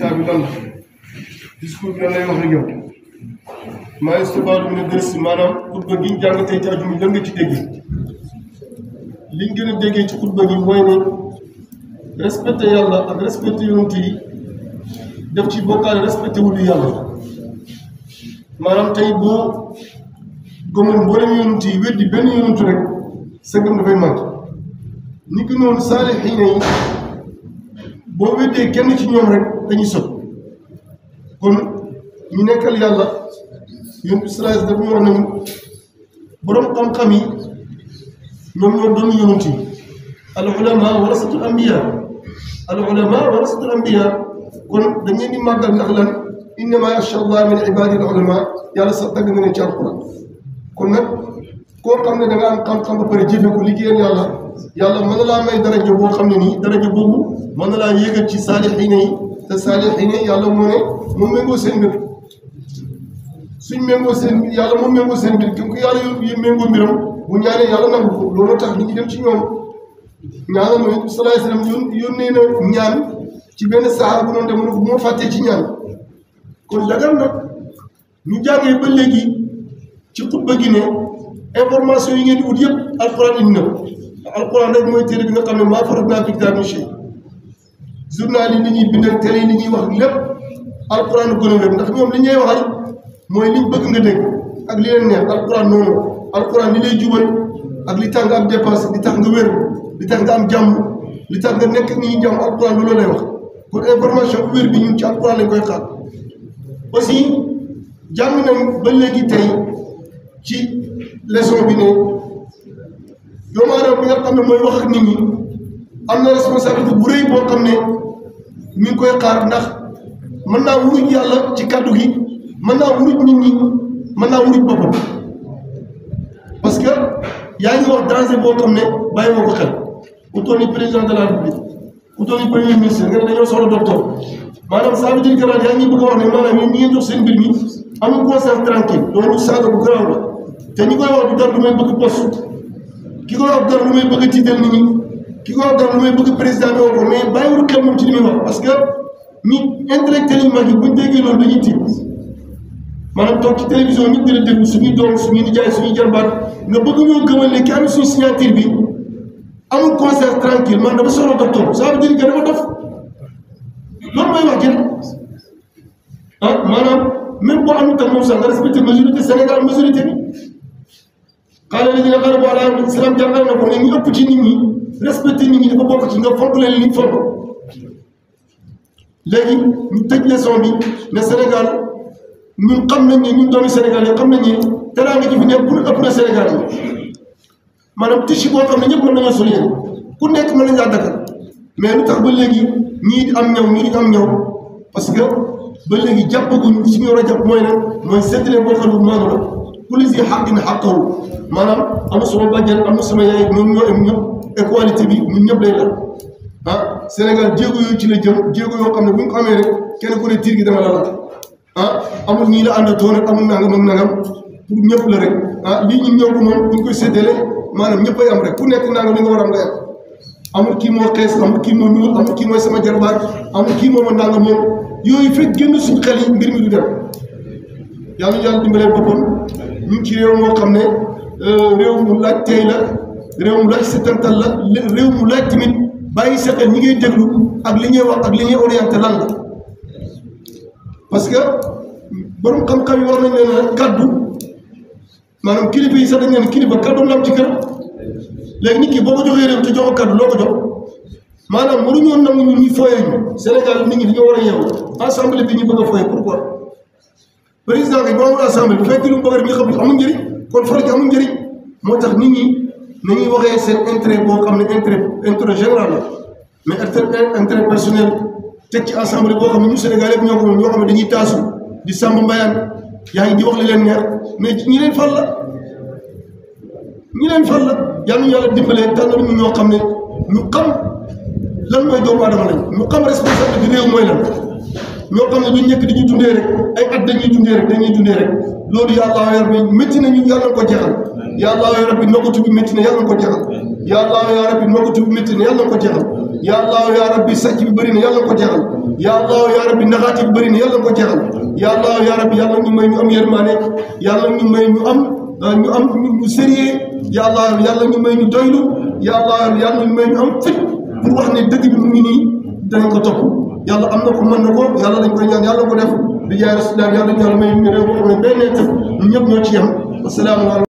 président bi lan la discours bi lan lay wax ak yow maa ngi subaatu mu ne dërës maanaam xutba gi ñu jàng tey ci ajuma lan nga ci déggee liñ gën a déggee ci xutba gi mooy ne respecté yàlla ak respecté yonent yi ci bokkaale respecté wulu yàlla maanaam tey boo gëmoon mboolem yonent yi weddi benn yonent rek sa gëm dafay manqué ni ko noonu saalixiina yi boo weddee kenn ci ñoom rek dañuy sëb kon ñu nekkal yàlla yéen israel dafa wax nañu borom xam-xam yi ñoom ñoo doon yonent yi al ulama warasatul kon dañ leen di màggal ndax innama yacha allah min ibadi al ulama yàlla sax tagg na leen ci alquran kon koo xam ne da nga am xam-xam ba pare jëfe ko liggéeyal yàlla daraja boo xam ne daraja boobu mën na laa ci saalixiina te saalixiin yi yàlla moo ne moom méngoo seen mbir suñ méngoo seen mbir yàlla moom méngoo seen mbir ki ko yàlla yu méngoo mbiram bu ñaanee yàlla nangu ko loolu tax nit ñi dem ci ñoom ñaanal mooy salaay salaam yoon yónnee na ñaan ci benn saxaar bu doon dem na ko bu ma fàttee ci ñaan kon dagal nag ñu jàngee ba léegi ci xutba gi ne information yi ngeen di ut yëpp alxuraan indi na alxuraan rek mooy téere bi nga xam ne maa farat naa fi kitaab min shay journal yi ni ñuy bindal télé yi ni ñuy wax lépp alxuraan gën a wér ndax ñoom li ñuy waxal mooy liñ bëgg nga dégg ak li leen neex alxuraan noonu alxuraan li lay jubal ak li tax nga am dépense li tax nga wér li tax nga am jàmm nga nekk ni ñuy jàmm alxuraan loolu lay wax kon information wér bi ñun ci alxuraan lañ koy xaar aussi jàng nañ ba léegi tey ci leçon bi ne doomu aadama bi nga xam ne am na responsabilité bu rëy boo xam ne mi ngi koy xaar ndax mën naa wuruj yàlla ci kàddu gi na naa wuruj nit ñi mën naa wuruj boppam parce que yaa ngi wax danger boo xam ne bàyyi moo ko xel utoon ni président de la république utoon ni premier ministre nga ne dañoo soxla docteur maanaam ça veut dire que yaa ngi bëgg a wax ne maanaam ñun ñi ngeen jox seen mbir mi amul conscience tranquille loolu saaga bu te ñi koy wax du dara lu may bëgg poste ki koy wax du dara lu may bëgg a tiital ki ko def mooy bëgg président bi woo ko mais bàyyiwul xel moom ci li muy wax parce que ñi intellectuel yu mag yi buñ déggee loolu dañuy tiit maanaam toog ci télévision nit di la déglu suñuy doom suñuy nijaay suñuy jarbaat nga bëgg ñoo gëmal ne ki am suñu signature bi amul concert tranquille man dafa soxla docteur ça veut dire que dafa dof loolu mooy wax jënd ah maanaam même boo amul tam moom sax nga respecté majorité Sénégal majorité bi. xaaral li ñu ne xaaral boo xam ne islam jàngal na ko ne ñu ëpp ci nit ñi respecté nit ñi dafa bokk ci nga fonk leen ni fonk léegi ñu tëj leçon bi ne Sénégal ñun xam nañ ne ñun doomi Sénégal yi xam nañ ne teraanga ji fi nekk pour ëpp na Sénégal yi maanaam tissu boo xam ne ñëpp mën nañoo sol yéen ku nekk mën nañ laa dakkal mais lu tax ba léegi ñii di am ñaw ñii di am ñaw parce que ba léegi jàppaguñ si ñu war a jàpp mooy nag mooy seddale boo xam ne maanu kulli si xaqin xaqahu maanaam amul sama bàjjan amul sama yaay ñoom ñoo am ñëpp équalité bi ñëpp lay def ah Sénégal jéego yooyu ci la jëm jéego yoo xam ne bu ñu ko amee rek kenn ku ne tiir gi dama la laaj ah amul ñii la ànd toon rek amul nangam ak nangam ñëpp la rek ah ñëw ko moom bu ñu koy am rek ku nekk nangam li war a am nga am amul kii moo xees kii moo ñuul amul kii mooy sama jarbaat amul kii moom a nangam moom yooyu fekk génn suñu xel yi mbir mi du dem yàlla yàlla ñu ci réew moo xam ne euh, réew mu laaj tey la réew mu laaj setantal la réew mu laaj tamit bàyyi sa xel ñi ngay déglu ak li ñuy wax ak li ñuy orienté que borom xam-xam war nañ leen kaddu maanaam kilifa yi dañ leen kilifa kaddu la am ci kër léegi ni ki boo ko joxee réew te joxo kaddu loo ko jox maanaam waruñoo nangu ñu ñuy fooyee ñu Sénégal nit ñi dañoo war a yeewu assemblée bi ñu bëgg a fooyee président i borom assemblée bu mu bëgg rek nga xam ne kon faral di amul moo tax nit ñi nañuy waxee seen intérêt boo xam ne intérêt intérêt général la mais intérêt personnel teg ci assemblée boo xam ne ñu Sénégal yëpp ñoo ko moom ñoo xam ne dañuy taasu di sàmm mbayaan yaa ngi di wax li leen neex mais ñi leen fal la la yàlla ñu yàlla dimbalee tànnal ñu ñoo xam ne ñu xam lan mooy doomu aadama lañ ñu xam responsabilité réew mooy la loo xam ne duñ nekk di ñu dundee rek ay at dañuy dundee rek dañuy dundee rek loolu yàllaa yor bi métti nañu yàlla na ko jeexal yàllaa yor bi noggatu bi métti na yàlla na ko jeexal yàllaa yaa rabbi noggatu bi métti na yàlla na ko jeexal yàllaa yaa rabbi sàcc bi bëri na yàlla na ko jeexal yàllaa yaa rabbi naxaati bi bëri na yàlla na ko jeexal yàllaa yaa rabbi yàlla ñu may ñu am yërmaane yàlla ñu may ñu am ah, ñu am ñu sérieux yàllaa yàlla ñu may ñu doylu yàllaa yàlla ñu may ñu am fit pour wax ne dëgg bi mu ngi nii danañ ko topp yàlla am na ko mën na ko yàlla dañ koy ñaan yàlla ko def bi jaay rasulillah yàlla ñu yàlla may réew boo xam ne benn ñëpp ñoo ci yem asalaamaaleykum